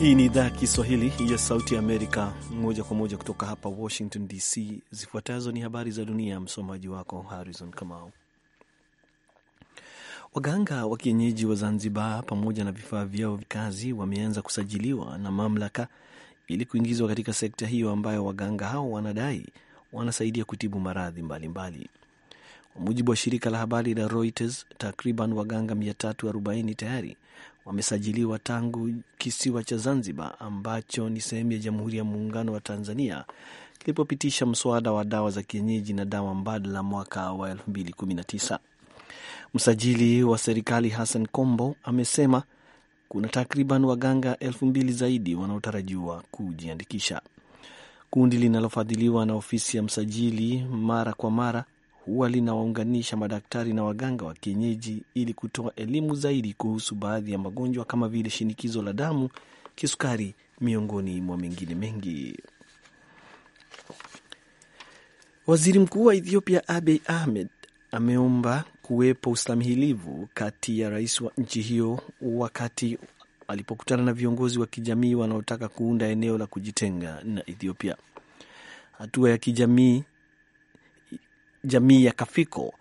Hii ni idhaa ya Kiswahili ya Sauti ya Amerika, moja kwa moja kutoka hapa Washington DC. Zifuatazo ni habari za dunia, msomaji wako Harrison Kamau. Waganga wa kienyeji wa Zanzibar pamoja na vifaa vyao vya kazi wameanza kusajiliwa na mamlaka ili kuingizwa katika sekta hiyo ambayo waganga hao wanadai wanasaidia kutibu maradhi mbalimbali. Kwa mujibu wa shirika la habari la Reuters, takriban waganga 340 tayari wamesajiliwa tangu kisiwa cha Zanzibar ambacho ni sehemu ya Jamhuri ya Muungano wa Tanzania kilipopitisha mswada wa dawa za kienyeji na dawa mbadala mwaka wa 2019. Msajili wa serikali Hassan Kombo amesema kuna takriban waganga elfu mbili zaidi wanaotarajiwa kujiandikisha. Kundi linalofadhiliwa na ofisi ya msajili mara kwa mara huwa linawaunganisha madaktari na waganga wa kienyeji ili kutoa elimu zaidi kuhusu baadhi ya magonjwa kama vile shinikizo la damu, kisukari, miongoni mwa mengine mengi. Waziri Mkuu wa Ethiopia Abiy Ahmed ameomba kuwepo ustahimilivu kati ya rais wa nchi hiyo wakati alipokutana na viongozi wa kijamii wanaotaka kuunda eneo la kujitenga na Ethiopia. Hatua ya kijamii jamii ya Kafiko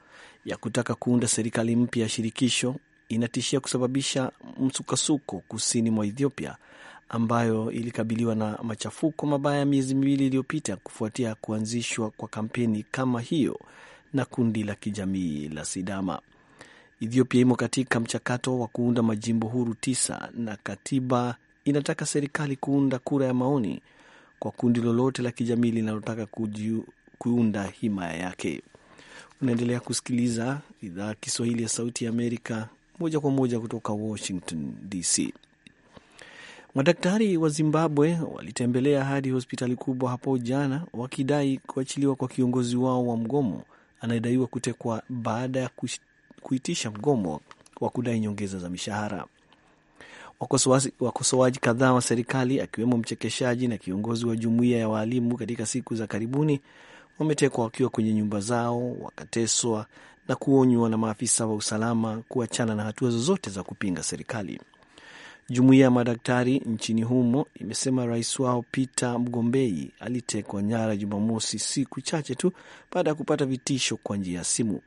ya kutaka kuunda serikali mpya ya shirikisho inatishia kusababisha msukasuko kusini mwa Ethiopia ambayo ilikabiliwa na machafuko mabaya miezi miwili iliyopita kufuatia kuanzishwa kwa kampeni kama hiyo na kundi la kijamii la Sidama. Ethiopia imo katika mchakato wa kuunda majimbo huru tisa na katiba inataka serikali kuunda kura ya maoni kwa kundi lolote la kijamii linalotaka kuunda himaya yake. Unaendelea kusikiliza idhaa Kiswahili ya Sauti ya Amerika moja kwa moja kutoka Washington DC. Madaktari wa Zimbabwe walitembelea hadi hospitali kubwa hapo jana wakidai kuachiliwa kwa kiongozi wao wa mgomo anayedaiwa kutekwa baada ya kuitisha mgomo wa kudai nyongeza za mishahara. Wakosoaji kadhaa wa serikali akiwemo mchekeshaji na kiongozi wa jumuiya ya waalimu katika siku za karibuni wametekwa wakiwa kwenye nyumba zao, wakateswa na kuonywa na maafisa wa usalama kuachana na hatua zozote za kupinga serikali. Jumuiya ya madaktari nchini humo imesema rais wao Peter Mgombei alitekwa nyara Jumamosi, siku chache tu baada ya kupata vitisho kwa njia ya simu.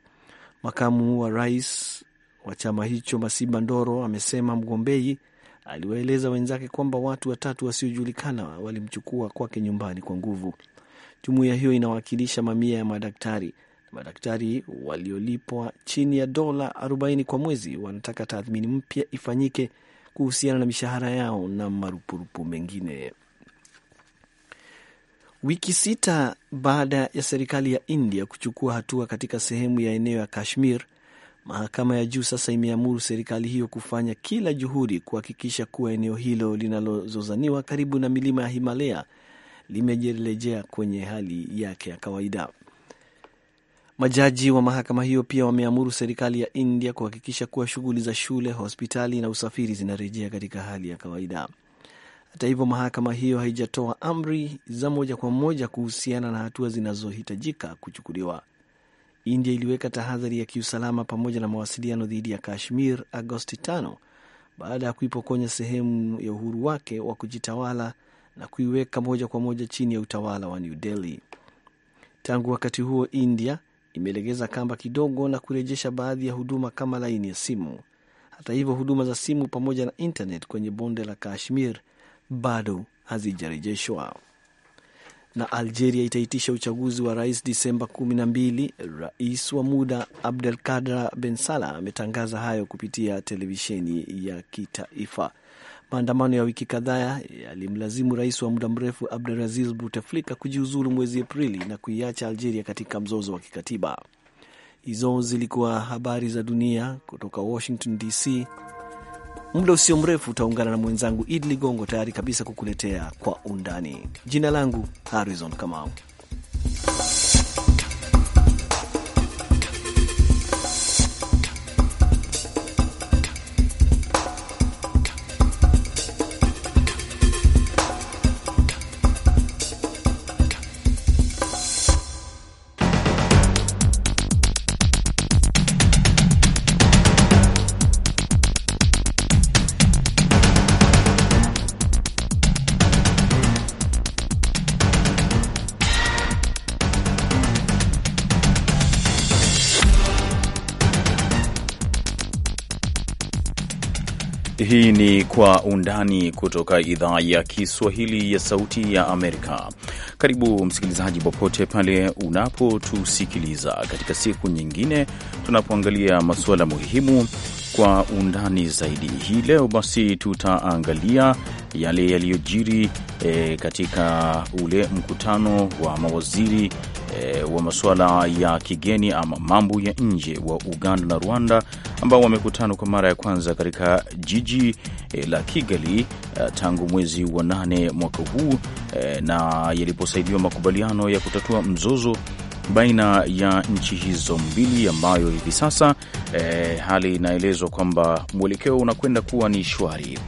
Makamu wa rais wa chama hicho Masiba Ndoro amesema Mgombei aliwaeleza wenzake kwamba watu watatu wasiojulikana walimchukua kwake nyumbani kwa nguvu. Jumuiya hiyo inawakilisha mamia ya madaktari. Madaktari waliolipwa chini ya dola 40 kwa mwezi wanataka tathmini mpya ifanyike kuhusiana na mishahara yao na marupurupu mengine. Wiki sita baada ya serikali ya India kuchukua hatua katika sehemu ya eneo ya Kashmir, mahakama ya juu sasa imeamuru serikali hiyo kufanya kila juhudi kuhakikisha kuwa eneo hilo linalozozaniwa karibu na milima ya Himalaya limerejea kwenye hali yake ya kawaida. Majaji wa mahakama hiyo pia wameamuru serikali ya India kuhakikisha kuwa shughuli za shule, hospitali na usafiri zinarejea katika hali ya kawaida. Hata hivyo, mahakama hiyo haijatoa amri za moja kwa moja kuhusiana na hatua zinazohitajika kuchukuliwa. India iliweka tahadhari ya kiusalama pamoja na mawasiliano dhidi ya Kashmir Agosti 5 baada ya kuipokonya sehemu ya uhuru wake wa kujitawala na kuiweka moja kwa moja chini ya utawala wa New Delhi. Tangu wakati huo, India imelegeza kamba kidogo na kurejesha baadhi ya huduma kama laini ya simu. Hata hivyo, huduma za simu pamoja na internet kwenye bonde la Kashmir bado hazijarejeshwa. Na Algeria itaitisha uchaguzi wa rais Disemba 12. Rais wa muda Abdelkader Ben bensala ametangaza hayo kupitia televisheni ya kitaifa. Maandamano ya wiki kadhaa yalimlazimu rais wa muda mrefu Abdelaziz Bouteflika kujiuzulu mwezi Aprili na kuiacha Algeria katika mzozo wa kikatiba. Hizo zilikuwa habari za dunia kutoka Washington DC. Muda usio mrefu utaungana na mwenzangu Idi Ligongo, tayari kabisa kukuletea kwa undani. Jina langu Harrison Kamau. Hii ni Kwa Undani kutoka idhaa ya Kiswahili ya Sauti ya Amerika. Karibu msikilizaji, popote pale unapotusikiliza katika siku nyingine tunapoangalia masuala muhimu kwa undani zaidi. Hii leo basi tutaangalia yale yaliyojiri e, katika ule mkutano wa mawaziri e, wa masuala ya kigeni ama mambo ya nje wa Uganda na Rwanda ambao wamekutana kwa mara ya kwanza katika jiji eh, la Kigali eh, tangu mwezi wa nane mwaka huu eh, na yaliposaidiwa makubaliano ya kutatua mzozo baina ya nchi hizo mbili ambayo hivi sasa e, hali inaelezwa kwamba mwelekeo unakwenda kuwa ni shwari.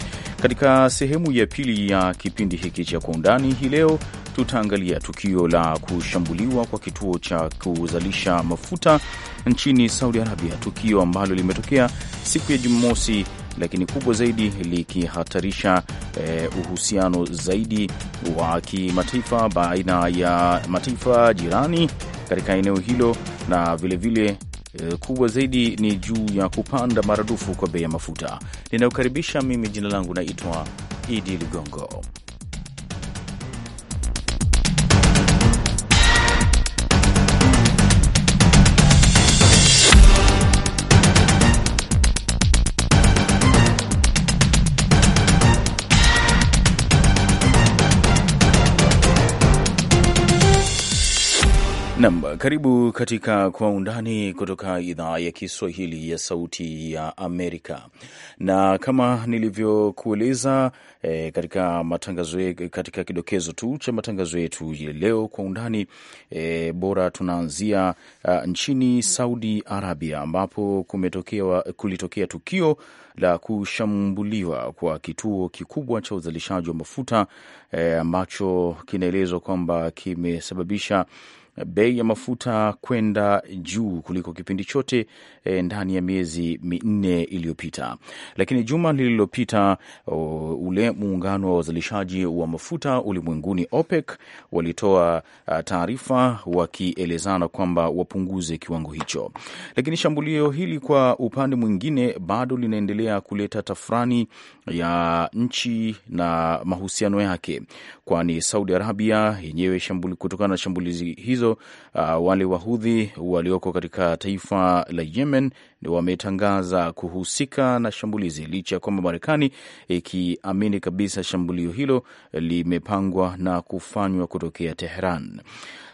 Katika sehemu ya pili ya kipindi hiki cha Kwa Undani hii leo tutaangalia tukio la kushambuliwa kwa kituo cha kuzalisha mafuta nchini Saudi Arabia, tukio ambalo limetokea siku ya Jumamosi, lakini kubwa zaidi likihatarisha eh, uhusiano zaidi wa kimataifa baina ya mataifa jirani katika eneo hilo na vilevile vile eh, kubwa zaidi ni juu ya kupanda maradufu kwa bei ya mafuta. Ninayokaribisha mimi, jina langu naitwa Idi Ligongo. Nam, karibu katika Kwa Undani kutoka idhaa ya Kiswahili ya Sauti ya Amerika. Na kama nilivyokueleza e, eh, katika matangazo katika kidokezo tu cha matangazo yetu ya leo Kwa Undani e, bora tunaanzia a, ah, nchini Saudi Arabia ambapo kulitokea tukio la kushambuliwa kwa kituo kikubwa cha uzalishaji wa mafuta eh, ambacho e, kinaelezwa kwamba kimesababisha bei ya mafuta kwenda juu kuliko kipindi chote e, ndani ya miezi minne iliyopita. Lakini juma lililopita ule muungano wa wazalishaji wa mafuta ulimwenguni OPEC walitoa taarifa wakielezana kwamba wapunguze kiwango hicho, lakini shambulio hili kwa upande mwingine bado linaendelea kuleta tafrani ya nchi na mahusiano yake, kwani Saudi Arabia yenyewe kutokana na shambulizi hizo hizo, uh, wale wahudhi walioko katika taifa la Yemen wametangaza kuhusika na shambulizi licha ya kwamba Marekani ikiamini kabisa shambulio hilo limepangwa na kufanywa kutokea Teheran.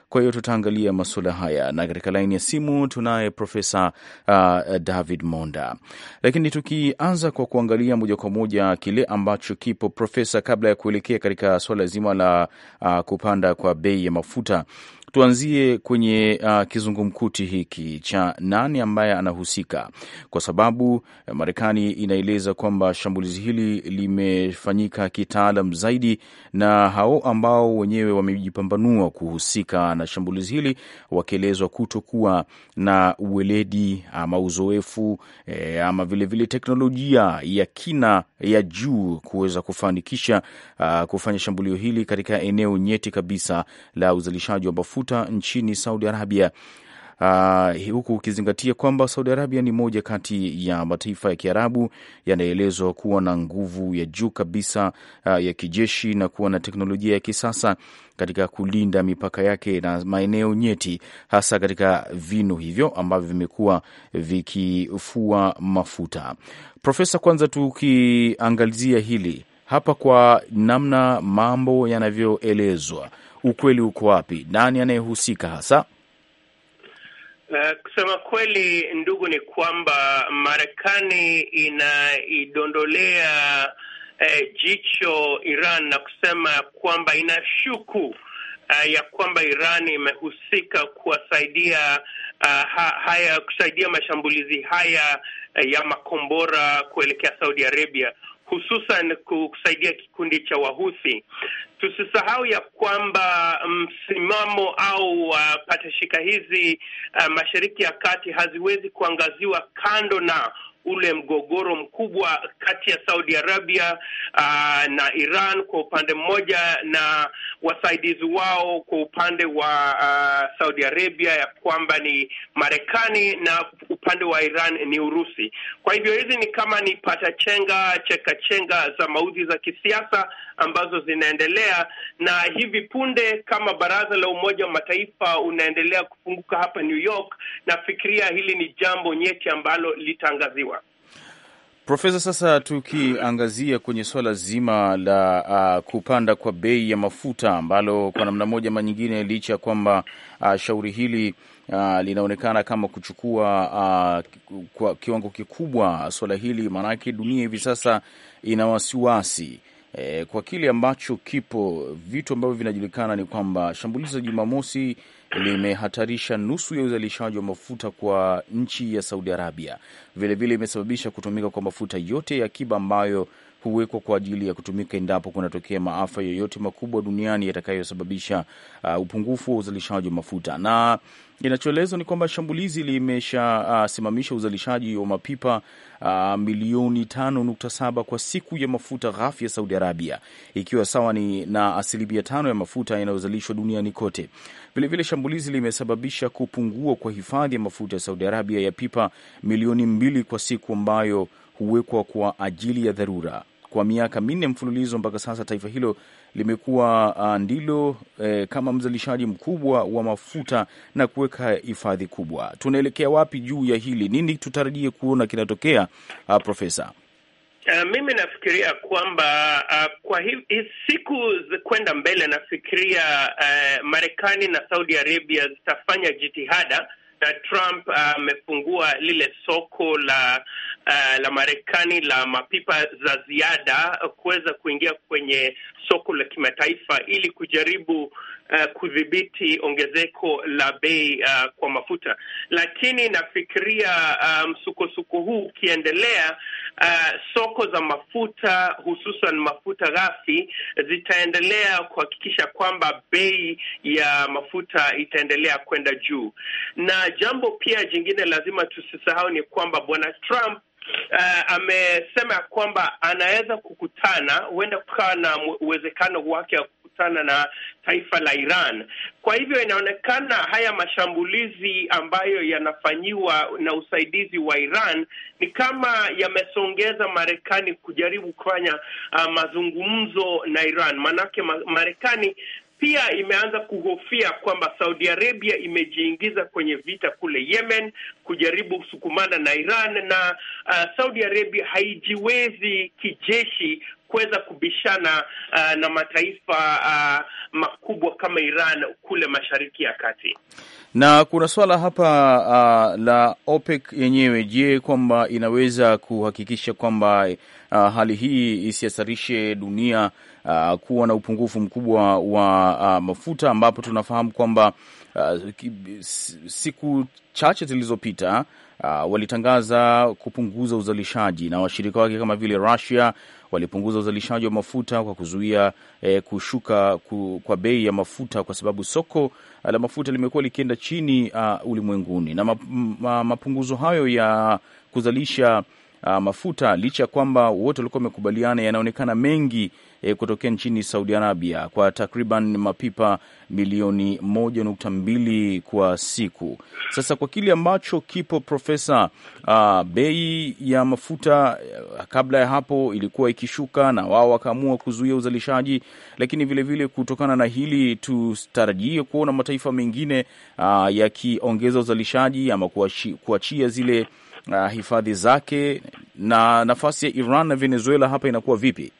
Kwa hiyo tutaangalia masuala haya, na katika laini ya simu tunaye Profesa uh, David Monda. Lakini tukianza kwa kuangalia moja kwa moja kile ambacho kipo, Profesa, kabla ya kuelekea katika suala zima la uh, kupanda kwa bei ya mafuta tuanzie kwenye uh, kizungumkuti hiki cha nani ambaye anahusika, kwa sababu eh, Marekani inaeleza kwamba shambulizi hili limefanyika kitaalam zaidi, na hao ambao wenyewe wamejipambanua kuhusika na shambulizi hili wakielezwa kutokuwa na uweledi ama uzoefu e, ama vilevile vile teknolojia ya kina ya juu kuweza kufanikisha uh, kufanya shambulio hili katika eneo nyeti kabisa la uzalishaji wa bafu mafuta nchini Saudi Arabia. Uh, huku ukizingatia kwamba Saudi Arabia ni moja kati ya mataifa ya Kiarabu yanaelezwa kuwa na nguvu ya juu kabisa uh, ya kijeshi na kuwa na teknolojia ya kisasa katika kulinda mipaka yake na maeneo nyeti, hasa katika vinu hivyo ambavyo vimekuwa vikifua mafuta. Profesa, kwanza tukiangalizia hili hapa kwa namna mambo yanavyoelezwa, ukweli uko wapi? Nani anayehusika hasa? Uh, kusema kweli, ndugu, ni kwamba Marekani inaidondolea eh, jicho Iran na kusema kwamba inashuku Uh, ya kwamba Iran imehusika kuwasaidia uh, ha, haya kusaidia mashambulizi haya uh, ya makombora kuelekea Saudi Arabia hususan kusaidia kikundi cha Wahuthi. Tusisahau ya kwamba msimamo au uh, patashika hizi uh, Mashariki ya Kati haziwezi kuangaziwa kando na ule mgogoro mkubwa kati ya Saudi Arabia uh, na Iran kwa upande mmoja na wasaidizi wao kwa upande wa uh, Saudi Arabia ya kwamba ni Marekani na upande wa Iran ni Urusi. Kwa hivyo hizi ni kama ni pata cheka chekachenga za mauzi za kisiasa ambazo zinaendelea, na hivi punde kama Baraza la Umoja wa Mataifa unaendelea kufunguka hapa New York, nafikiria hili ni jambo nyeti ambalo litangaziwa. Profesa, sasa tukiangazia kwenye swala zima la uh, kupanda kwa bei ya mafuta ambalo kwa namna moja ama nyingine, licha ya kwamba uh, shauri hili uh, linaonekana kama kuchukua uh, kwa kiwango kikubwa swala hili, maanake dunia hivi sasa ina wasiwasi eh, kwa kile ambacho kipo. Vitu ambavyo vinajulikana ni kwamba shambulizi la Jumamosi limehatarisha nusu ya uzalishaji wa mafuta kwa nchi ya Saudi Arabia. Vilevile imesababisha kutumika kwa mafuta yote ya akiba ambayo huwekwa kwa ajili ya kutumika endapo kunatokea maafa yoyote makubwa duniani yatakayosababisha uh, upungufu wa uzalishaji wa mafuta. Na inachoelezwa ni kwamba shambulizi limeshasimamisha uh, uzalishaji wa mapipa uh, milioni tano kwa siku ya mafuta ghafi ya Saudi Arabia, ikiwa sawa ni na asilimia tano ya mafuta yanayozalishwa duniani kote. Vilevile shambulizi limesababisha kupungua kwa hifadhi ya mafuta ya Saudi Arabia ya pipa milioni mbili kwa siku ambayo huwekwa kwa ajili ya dharura. Kwa miaka minne mfululizo mpaka sasa taifa hilo limekuwa uh, ndilo eh, kama mzalishaji mkubwa wa mafuta na kuweka hifadhi kubwa. Tunaelekea wapi juu ya hili? Nini tutarajie kuona kinatokea, uh, Profesa? Uh, mimi nafikiria kwamba uh, kwa hi siku kwenda mbele, nafikiria uh, Marekani na Saudi Arabia zitafanya jitihada na Trump uh, amefungua uh, lile soko la uh, la Marekani la mapipa za ziada uh, kuweza kuingia kwenye soko la kimataifa ili kujaribu uh, kudhibiti ongezeko la bei uh, kwa mafuta, lakini nafikiria uh, msukosuko um, huu ukiendelea uh, soko za mafuta hususan mafuta ghafi zitaendelea kuhakikisha kwamba bei ya mafuta itaendelea kwenda juu, na jambo pia jingine lazima tusisahau ni kwamba bwana Trump Uh, amesema ya kwamba anaweza kukutana, huenda kukawa na uwezekano wake sana na taifa la Iran. Kwa hivyo inaonekana haya mashambulizi ambayo yanafanyiwa na usaidizi wa Iran ni kama yamesongeza Marekani kujaribu kufanya uh, mazungumzo na Iran, maanake Marekani pia imeanza kuhofia kwamba Saudi Arabia imejiingiza kwenye vita kule Yemen kujaribu kusukumana na Iran na uh, Saudi Arabia haijiwezi kijeshi kuweza kubishana uh, na mataifa uh, makubwa kama Iran kule Mashariki ya Kati. Na kuna swala hapa uh, la OPEC yenyewe, je, kwamba inaweza kuhakikisha kwamba uh, hali hii isiasarishe dunia uh, kuwa na upungufu mkubwa wa uh, mafuta, ambapo tunafahamu kwamba uh, siku chache zilizopita uh, walitangaza kupunguza uzalishaji na washirika wake kama vile Russia walipunguza uzalishaji wa mafuta kwa kuzuia eh, kushuka ku, kwa bei ya mafuta kwa sababu soko eh, la mafuta limekuwa likienda chini uh, ulimwenguni na map, ma, mapunguzo hayo ya kuzalisha uh, mafuta licha ya kwamba wote walikuwa wamekubaliana yanaonekana mengi e, kutokea nchini Saudi Arabia kwa takriban mapipa milioni moja nukta mbili kwa siku. Sasa kwa kile ambacho kipo profesa, ah, bei ya mafuta eh, kabla ya hapo ilikuwa ikishuka na wao wakaamua kuzuia uzalishaji, lakini vilevile vile kutokana na hili tutarajie kuona mataifa mengine ah, yakiongeza uzalishaji ama kuachia zile uh, hifadhi zake, na nafasi ya Iran na Venezuela hapa inakuwa vipi?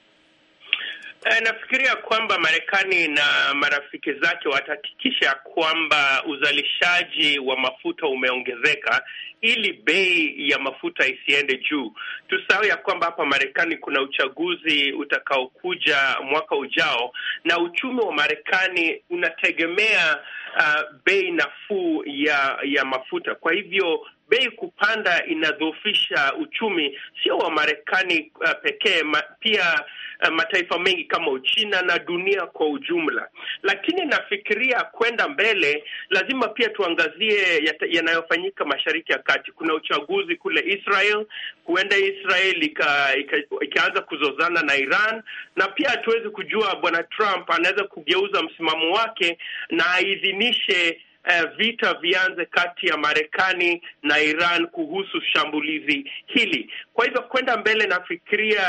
E, nafikiria kwamba Marekani na marafiki zake watahakikisha kwamba uzalishaji wa mafuta umeongezeka ili bei ya mafuta isiende juu. Tusahau ya kwamba hapa Marekani kuna uchaguzi utakaokuja mwaka ujao, na uchumi wa Marekani unategemea uh, bei nafuu ya ya mafuta. Kwa hivyo bei kupanda inadhoofisha uchumi sio wa Marekani uh, pekee ma, pia Eh, mataifa mengi kama Uchina na dunia kwa ujumla. Lakini nafikiria kwenda mbele, lazima pia tuangazie yanayofanyika Mashariki ya Kati. Kuna uchaguzi kule Israel, huenda Israel ikaanza kuzozana na Iran, na pia hatuwezi kujua, bwana Trump anaweza kugeuza msimamo wake na aidhinishe eh, vita vianze kati ya Marekani na Iran kuhusu shambulizi hili. Kwa hivyo kwenda mbele, nafikiria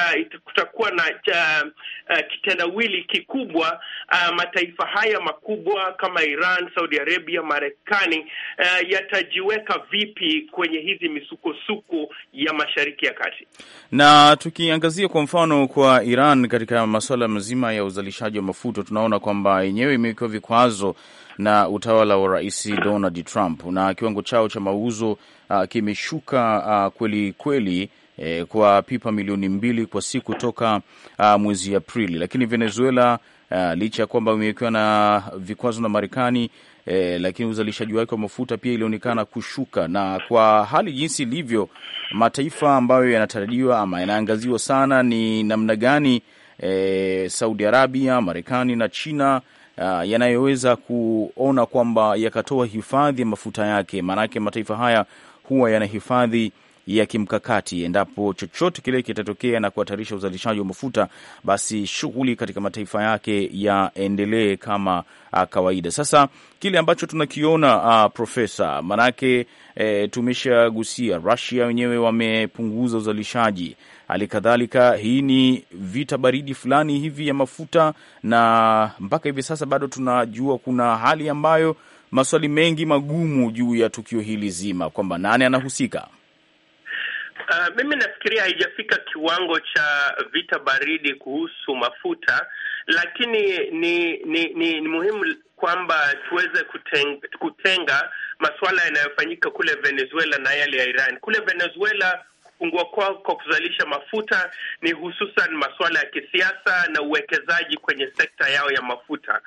kutakuwa na uh, uh, kitendawili kikubwa uh, mataifa haya makubwa kama Iran, Saudi Arabia, Marekani uh, yatajiweka vipi kwenye hizi misukosuko ya Mashariki ya Kati. Na tukiangazia kwa mfano kwa Iran katika masuala mazima ya uzalishaji wa mafuta, tunaona kwamba yenyewe imewekewa vikwazo na utawala wa Rais Donald Trump, na kiwango chao cha mauzo uh, kimeshuka uh, kweli kweli eh, kwa pipa milioni mbili kwa siku toka uh, mwezi Aprili, lakini Venezuela Uh, licha ya kwamba imewekewa na vikwazo na Marekani eh, lakini uzalishaji wake wa mafuta pia ilionekana kushuka, na kwa hali jinsi ilivyo, mataifa ambayo yanatarajiwa ama yanaangaziwa sana ni namna gani eh, Saudi Arabia, Marekani na China Uh, yanayoweza kuona kwamba yakatoa hifadhi ya mafuta yake, maanake mataifa haya huwa yana hifadhi ya kimkakati. Endapo chochote kile kitatokea na kuhatarisha uzalishaji wa mafuta, basi shughuli katika mataifa yake yaendelee kama a, uh, kawaida. Sasa kile ambacho tunakiona uh, profesa, manake e, eh, tumeshagusia Russia wenyewe wamepunguza uzalishaji hali kadhalika, hii ni vita baridi fulani hivi ya mafuta, na mpaka hivi sasa bado tunajua kuna hali ambayo maswali mengi magumu juu ya tukio hili zima, kwamba nani anahusika. Uh, mimi nafikiria haijafika kiwango cha vita baridi kuhusu mafuta, lakini ni ni, ni, ni muhimu kwamba tuweze kutenga, kutenga masuala yanayofanyika kule Venezuela na yale ya Iran. Kule Venezuela kupungua kwao kwa kuzalisha mafuta ni hususan masuala ya kisiasa na uwekezaji kwenye sekta yao ya mafuta.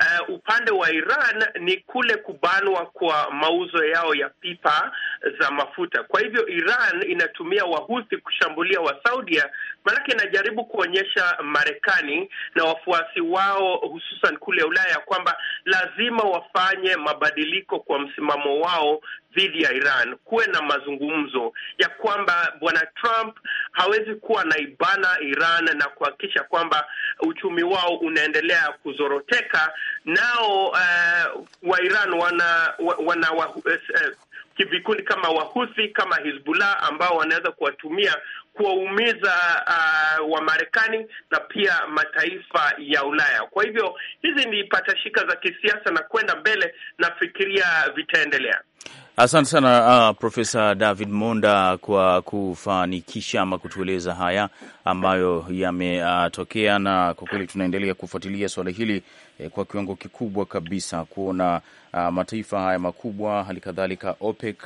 Uh, upande wa Iran ni kule kubanwa kwa mauzo yao ya pipa za mafuta. Kwa hivyo Iran inatumia Wahuthi kushambulia Wasaudia, maanake inajaribu kuonyesha Marekani na wafuasi wao hususan kule Ulaya ya kwamba lazima wafanye mabadiliko kwa msimamo wao dhidi ya Iran, kuwe na mazungumzo ya kwamba bwana Trump hawezi kuwa na ibana Iran na kuhakikisha kwamba uchumi wao unaendelea kuzoroteka, nao uh, wa Iran wana, wana uh, eh, eh, vikundi kama Wahuthi kama Hizbullah ambao wanaweza kuwatumia kuwaumiza uh, Wamarekani na pia mataifa ya Ulaya. Kwa hivyo hizi ni patashika za kisiasa, na kwenda mbele, nafikiria vitaendelea. Asante sana uh, Profesa David Monda kwa kufanikisha ama kutueleza haya ambayo yametokea, na kwa kweli tunaendelea kufuatilia suala hili eh, kwa kiwango kikubwa kabisa kuona ah, mataifa haya makubwa hali kadhalika OPEC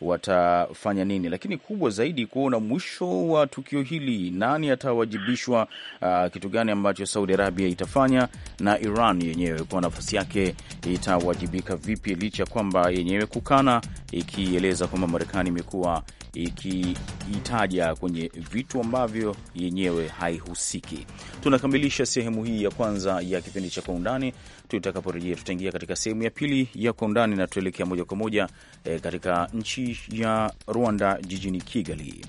watafanya nini, lakini kubwa zaidi kuona mwisho wa tukio hili nani atawajibishwa, ah, kitu gani ambacho Saudi Arabia itafanya na Iran yenyewe kwa nafasi yake itawajibika vipi, licha kwamba yenyewe kukana ikieleza kwamba Marekani imekuwa ikiitaja kwenye vitu ambavyo yenyewe haihusiki. Tunakamilisha sehemu hii ya kwanza ya kipindi cha Kwa Undani. Tutakaporejea tutaingia katika sehemu ya pili ya Kwa Undani na tuelekea moja kwa moja eh, katika nchi ya Rwanda, jijini Kigali.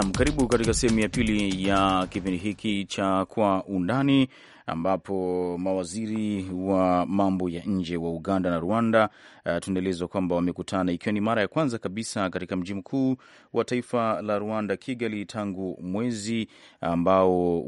Nam, karibu katika sehemu ya pili ya kipindi hiki cha Kwa Undani, ambapo mawaziri wa mambo ya nje wa Uganda na Rwanda Uh, tunaelezwa kwamba wamekutana ikiwa ni mara ya kwanza kabisa katika mji mkuu wa taifa la Rwanda, Kigali, tangu mwezi ambao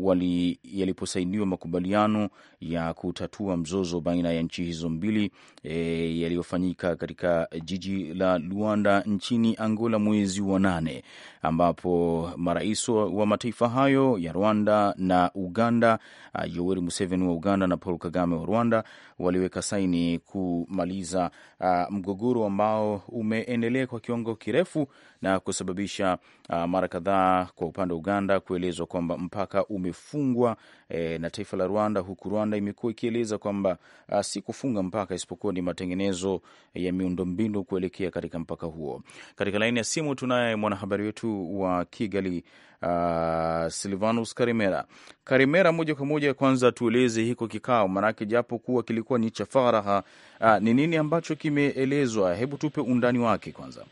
yaliposainiwa makubaliano ya kutatua mzozo baina ya nchi hizo mbili e, yaliyofanyika katika jiji la Luanda nchini Angola mwezi wa nane, ambapo marais wa mataifa hayo ya Rwanda na Uganda, uh, Yoweri Museveni wa Uganda na Paul Kagame wa Rwanda waliweka saini kumaliza uh, Uh, mgogoro ambao umeendelea kwa kiwango kirefu na kusababisha uh, mara kadhaa kwa upande wa Uganda kuelezwa kwamba mpaka umefungwa eh, na taifa la Rwanda, huku Rwanda imekuwa ikieleza kwamba uh, si kufunga mpaka isipokuwa ni matengenezo ya miundombinu kuelekea katika mpaka huo. Katika laini ya simu tunaye mwanahabari wetu wa Kigali uh, Silvanus Karimera. Karimera, moja kwa moja, kwanza tueleze hiko kikao, maanake japo kuwa kilikuwa ni cha faraha, uh, ni nini ambacho kimeelezwa? Hebu tupe undani wake kwanza.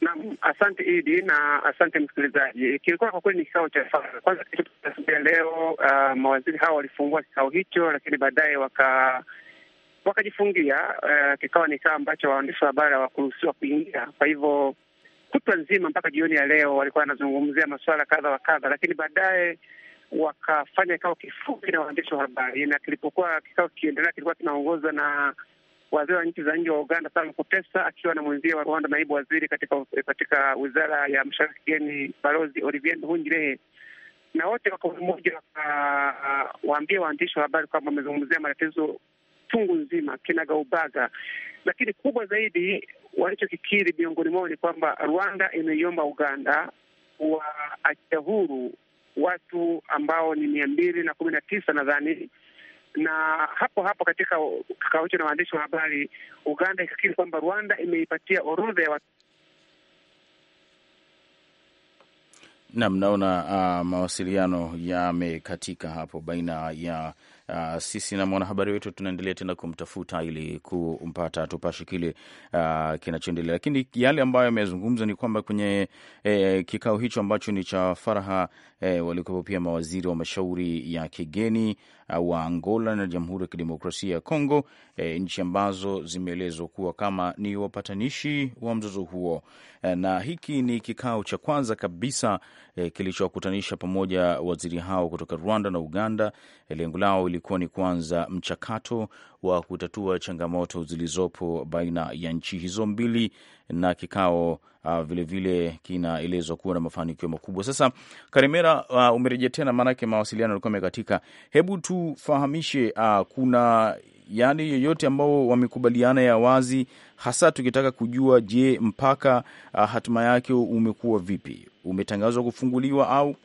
Na, asante Idi na asante msikilizaji. Kilikuwa kwa kweli ni kikao cha faraha. Kwanza kitu leo, uh, mawaziri hao walifungua kikao hicho, lakini baadaye waka wakajifungia. Uh, kikawa ni kikao ambacho waandishi wa habari hawakuruhusiwa kuingia, kwa hivyo kutwa nzima mpaka jioni ya leo walikuwa wanazungumzia masuala kadha wa kadha, lakini baadaye wakafanya kikao kifupi na waandishi wa habari, na kilipokuwa kikao kikiendelea kilikuwa kinaongozwa na waziri wa nchi za nje wa Uganda Sam Kutesa akiwa na mwenzie wa Rwanda naibu waziri katika katika wizara ya mashauri ya kigeni Balozi Olivier Nduhungirehe, na wote wako mmoja wakawaambia ah, ah, waandishi wa habari kwamba wamezungumzia matatizo tungu nzima kinagaubaga, lakini kubwa zaidi walichokikiri miongoni mwao ni kwamba Rwanda imeiomba Uganda waachia huru watu ambao ni mia mbili na kumi na tisa nadhani na hapo hapo katika kikao hicho na waandishi wa habari, Uganda ikakiri kwamba Rwanda imeipatia orodha ya watu. nam naona uh, mawasiliano yamekatika hapo baina ya uh, sisi na mwanahabari wetu tunaendelea tena kumtafuta ili kumpata tupashe kile uh, kinachoendelea, lakini yale ambayo yamezungumza ni kwamba kwenye eh, kikao hicho ambacho ni cha faraha eh, walikuwepo pia mawaziri wa mashauri ya kigeni uh, wa Angola na Jamhuri ya Kidemokrasia ya Kongo, eh, nchi ambazo zimeelezwa kuwa kama ni wapatanishi wa mzozo huo eh, na hiki ni kikao cha kwanza kabisa eh, kilichowakutanisha pamoja waziri hao kutoka Rwanda na Uganda. Eh, lengo lao ili ilikuwa ni kuanza mchakato wa kutatua changamoto zilizopo baina ya nchi hizo mbili, na kikao vilevile uh, kinaelezwa kuwa na mafanikio makubwa. Sasa Karimera, uh, umerejea tena, maanake mawasiliano yalikuwa amekatika. Hebu tufahamishe, uh, kuna yale yoyote ambao wamekubaliana ya wazi, hasa tukitaka kujua, je, mpaka uh, hatima yake umekuwa vipi? Umetangazwa kufunguliwa au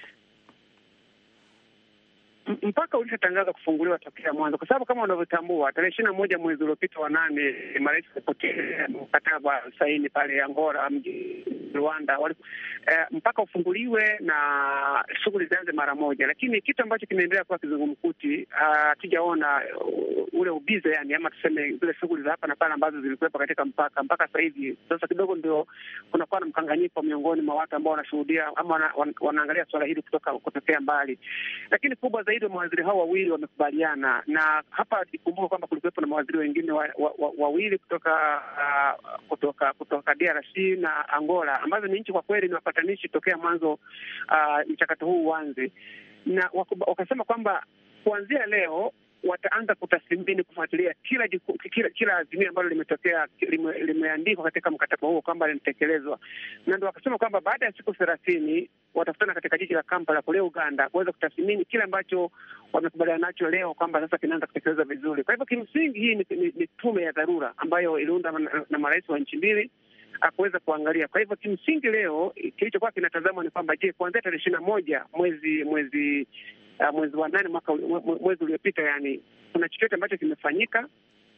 mpaka ulishatangaza kufunguliwa tokea mwanzo, kwa sababu kama unavyotambua, tarehe ishirini na moja mwezi uliopita wa nane marais walipokea mkataba saini pale Angola, mji Rwanda wali, eh, mpaka ufunguliwe na shughuli zianze mara moja, lakini kitu ambacho kimeendelea kuwa kizungumkuti, ah, hatujaona uh, ule ubize yani, ama tuseme zile shughuli za hapa na pale ambazo zilikuwepo katika mpaka mpaka sasa hivi. Sasa kidogo ndio kunakuwa na mkanganyiko miongoni mwa watu ambao wanashuhudia ama wana, wan, wanaangalia suala hili kutoka kutokea mbali, lakini kubwa zaidi zaidi mawaziri hao wawili wamekubaliana, na hapa ikumbuka kwamba kulikuwepo na mawaziri wengine wawili wa, wa, wawili kutoka, uh, kutoka kutoka DRC na Angola ambazo ni nchi kwa kweli ni wapatanishi tokea mwanzo uh, mchakato huu uanze, na wakasema kwamba kuanzia leo wataanza kutathmini kufuatilia kila kila, kila azimio ambalo limetokea lime, limeandikwa katika mkataba huo kwamba linatekelezwa, na ndo wakasema kwamba baada ya siku thelathini watakutana katika jiji la Kampala kule Uganda kuweza kutathmini kile ambacho wamekubaliana nacho leo kwamba sasa kinaanza kutekelezwa vizuri. Kwa hivyo kimsingi hii ni, ni, ni tume ya dharura ambayo iliunda na, na marais wa nchi mbili akuweza kuangalia. Kwa hivyo kimsingi leo kilichokuwa kinatazamwa ni kwamba je, kuanzia tarehe ishirini na moja mwezi mwezi uh, mwezi wa nane mwaka mwezi uliopita, yani kuna chochote ambacho kimefanyika?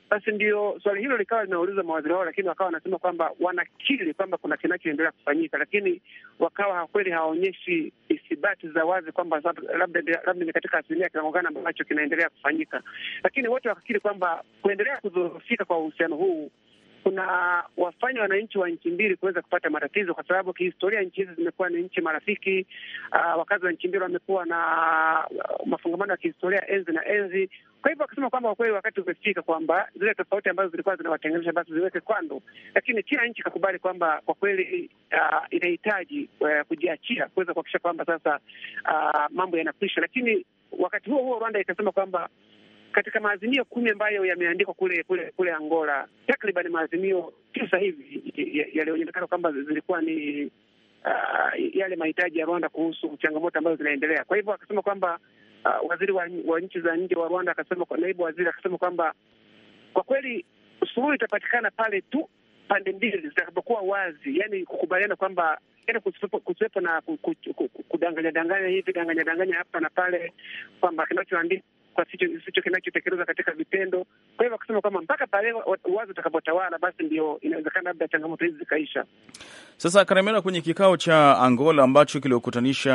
Basi ndio swali hilo likawa linauliza mawaziri wao, lakini wakawa wanasema kwamba wanakiri kwamba kuna kinachoendelea kufanyika, lakini wakawa kweli hawaonyeshi ithibati za wazi kwamba labda labda ni katika asilimia gani ambacho kinaendelea kufanyika, lakini wote wakakiri kwamba kuendelea kudhoofika kwa uhusiano huu kuna wafanya wananchi wa nchi mbili kuweza kupata matatizo, kwa sababu kihistoria nchi hizi zimekuwa ni nchi marafiki. Uh, wakazi wa nchi mbili wamekuwa na uh, mafungamano ya kihistoria enzi na enzi. Kwa hivyo wakasema kwamba kweli wakati umefika kwamba zile tofauti ambazo zilikuwa zinawatenganisha basi ziweke kwando lakini kila nchi ikakubali kwamba kwa kweli uh, inahitaji uh, kujiachia kuweza kuhakikisha kwamba sasa uh, mambo yanakwisha, lakini wakati huo huo Rwanda ikasema kwamba katika maazimio kumi ambayo yameandikwa kule kule kule Angola, takriban maazimio tisa hivi yaliyoonekana kwamba zilikuwa ni uh, yale mahitaji ya Rwanda kuhusu changamoto ambazo zinaendelea. Kwa hivyo akasema kwamba uh, waziri wa, wa nchi za nje wa Rwanda akasema, naibu waziri akasema kwamba kwa kweli suluhu itapatikana pale tu pande mbili zitakapokuwa wazi, yani kukubaliana kwamba yaani kusiwepo na kudanganya danganya hivi danganya danganya hapa na pale, kwamba kinachoandika kwa sicho sicho kinachotekelezwa katika vitendo. Kwa hivyo kusema kwamba mpaka pale wazi utakapotawala, basi ndio inawezekana labda changamoto hizi zikaisha. Sasa Karemera, kwenye kikao cha Angola ambacho kiliokutanisha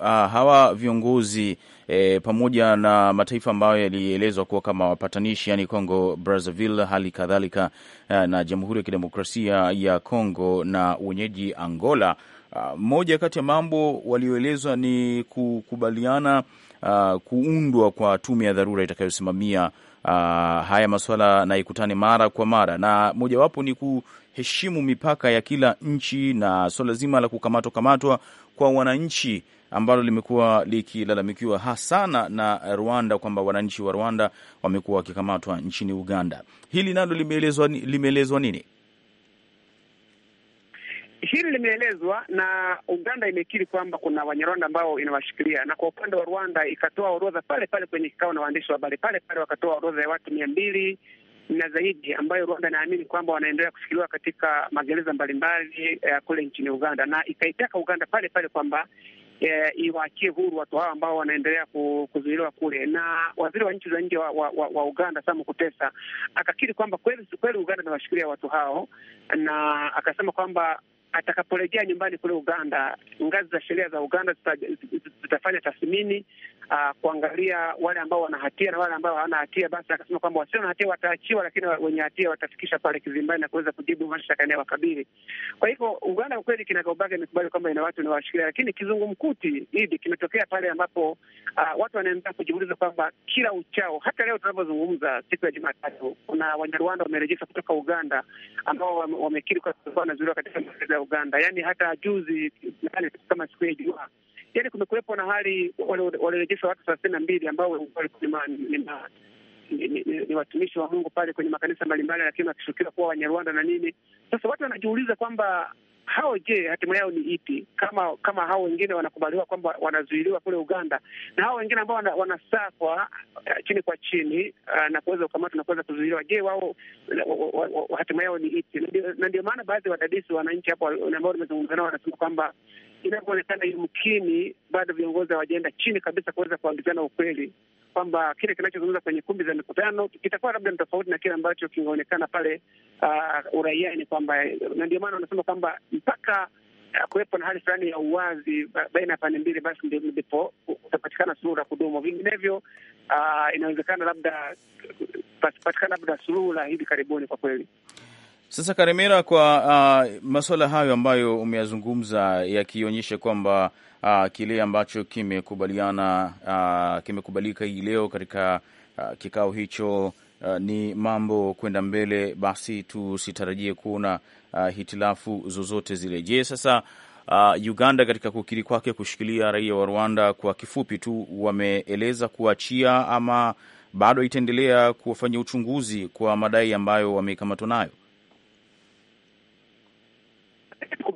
uh, hawa viongozi eh, pamoja na mataifa ambayo yalielezwa kuwa kama wapatanishi, yani Congo Brazzaville, hali kadhalika uh, na Jamhuri ya Kidemokrasia ya Congo na wenyeji Angola, uh, moja kati ya mambo walioelezwa ni kukubaliana uh, kuundwa kwa tume ya dharura itakayosimamia uh, haya masuala na ikutane mara kwa mara, na mojawapo ni kuheshimu mipaka ya kila nchi na swala so zima la kukamatwa kamatwa kwa wananchi ambalo limekuwa likilalamikiwa hasana na Rwanda kwamba wananchi wa Rwanda wamekuwa wakikamatwa nchini Uganda. Hili nalo limeelezwa limeelezwa nini? hili limeelezwa na Uganda imekiri kwamba kuna Wanyarwanda ambao inawashikilia, na kwa upande wa Rwanda ikatoa orodha pale pale kwenye kikao na waandishi wa habari pale pale, wakatoa orodha ya watu mia mbili na zaidi ambayo Rwanda inaamini kwamba wanaendelea kushikiliwa katika magereza mbalimbali eh, kule nchini Uganda, na ikaitaka Uganda pale pale kwamba eh, iwaachie huru watu hao ambao wanaendelea kuzuiliwa kule. Na waziri wa nchi za nje wa, wa, wa Uganda Sam Kutesa akakiri kwamba kweli kweli Uganda inawashikilia watu hao, na akasema kwamba atakaporejea nyumbani kule Uganda, ngazi za sheria za Uganda zitafanya tathmini uh, kuangalia wale ambao wana hatia na wale ambao hawana hatia. Basi akasema kwamba wasio na hatia wataachiwa, lakini wenye hatia watafikisha pale kizimbani na kuweza kujibu mashtaka yanayowakabili. Kwa hivyo Uganda kwa kweli kinagaubaga imekubali kwamba ina watu inawashikilia, lakini kizungumkuti hivi kimetokea pale ambapo uh, watu wanaendelea kujiuliza kwamba kila uchao, hata leo tunavyozungumza, siku ya Jumatatu, kuna Wanyarwanda wamerejeshwa kutoka Uganda ambao wamekiri kwa wanazuiliwa katika Uganda, yaani hata juzi kama siku ya Ijumaa, yaani kumekuwepo na hali, walirejeshwa watu thelathini na mbili ambao walikuwa ni watumishi wa Mungu pale kwenye makanisa mbalimbali, lakini wakishukiwa kuwa Wanyarwanda na nini. Sasa watu wanajiuliza kwamba hao je, hatima yao ni ipi? Kama kama hao wengine wanakubaliwa kwamba wanazuiliwa kule Uganda na hao wengine ambao wanasakwa eh, chini kwa chini eh, na kuweza kukamatwa na kuweza kuzuiliwa, je, wao hatima yao ni ipi? Na ndio maana baadhi ya wadadisi wananchi hapo ambao nimezungumza nao wanasema kwamba inavyoonekana, yumkini bado viongozi hawajaenda chini kabisa kuweza kuambizana ukweli kwamba kile kinachozungumza kwenye kumbi za mikutano kitakuwa labda ni tofauti na kile ambacho kinaonekana pale uh, uraiani, kwamba na ndio maana wanasema kwamba mpaka uh, kuwepo na hali fulani ya uwazi baina ya pande mbili, basi ndipo utapatikana suluhu la kudumu. Vinginevyo uh, inawezekana labda patikana labda suluhu la hivi karibuni kwa kweli. Sasa Karemera, kwa uh, masuala hayo ambayo umeyazungumza yakionyesha kwamba uh, kile ambacho kimekubaliana uh, kimekubalika hii leo katika uh, kikao hicho uh, ni mambo kwenda mbele, basi tusitarajie kuona uh, hitilafu zozote zile. Je, sasa uh, Uganda katika kukiri kwake kushikilia raia wa Rwanda, kwa kifupi tu wameeleza kuachia ama bado itaendelea kuwafanyia uchunguzi kwa madai ambayo wamekamatwa nayo?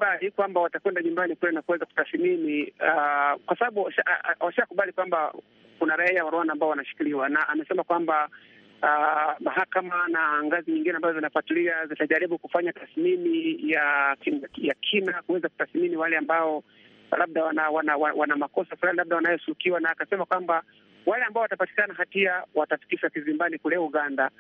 wameshakubali kwamba watakwenda nyumbani kule na kuweza kutathmini uh, kwa sababu uh, washakubali kwamba kuna raia wa Rwanda ambao wanashikiliwa, na amesema kwamba uh, mahakama na ngazi nyingine ambazo zinafuatilia zitajaribu kufanya tathmini ya, ya kina kuweza kutathmini wale ambao labda wana wana, wana, wana makosa fulani labda wanayosukiwa, na akasema kwamba wale ambao watapatikana hatia watafikishwa kizimbani kule Uganda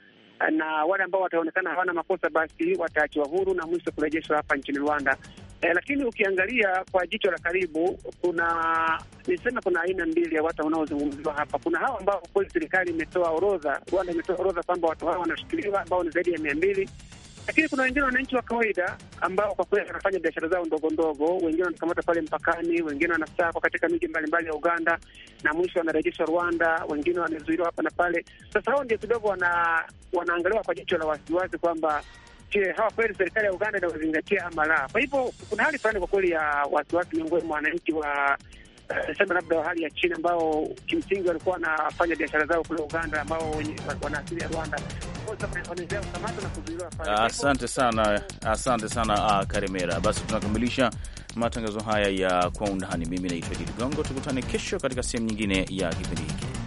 na wale ambao wataonekana hawana makosa basi wataachiwa huru na mwisho kurejeshwa hapa nchini Rwanda. E, lakini ukiangalia kwa jicho la karibu, kuna nisema, kuna aina mbili ya watu wanaozungumziwa hapa. Kuna hao ambao kweli serikali imetoa orodha, Rwanda imetoa orodha kwamba watu hao wanashikiliwa ambao ni zaidi ya mia mbili, lakini kuna wengine wananchi wa kawaida ambao kwa kweli wanafanya biashara zao ndogo ndogo, wengine wanakamata pale mpakani, wengine wanasakwa katika miji mbalimbali ya Uganda na mwisho wanarejeshwa Rwanda, wengine wanazuiliwa hapa na pale. Sasa hao ndio kidogo wana, wanaangaliwa kwa jicho la wasiwasi kwamba je, hawa kweli serikali ya Uganda inawazingatia ama la? Kwa hivyo kuna hali fulani kwa kweli ya wasiwasi miongoni mwa wananchi wa eh, sema labda hali ya China ambao kimsingi walikuwa wanafanya biashara zao kule Uganda, ambao wana asili ya Rwanda. Asante sana, asante sana ah, Karemera. Basi tunakamilisha matangazo haya ya kwa undani. Mimi naitwa jiligongo tukutane kesho katika sehemu nyingine ya kipindi hiki.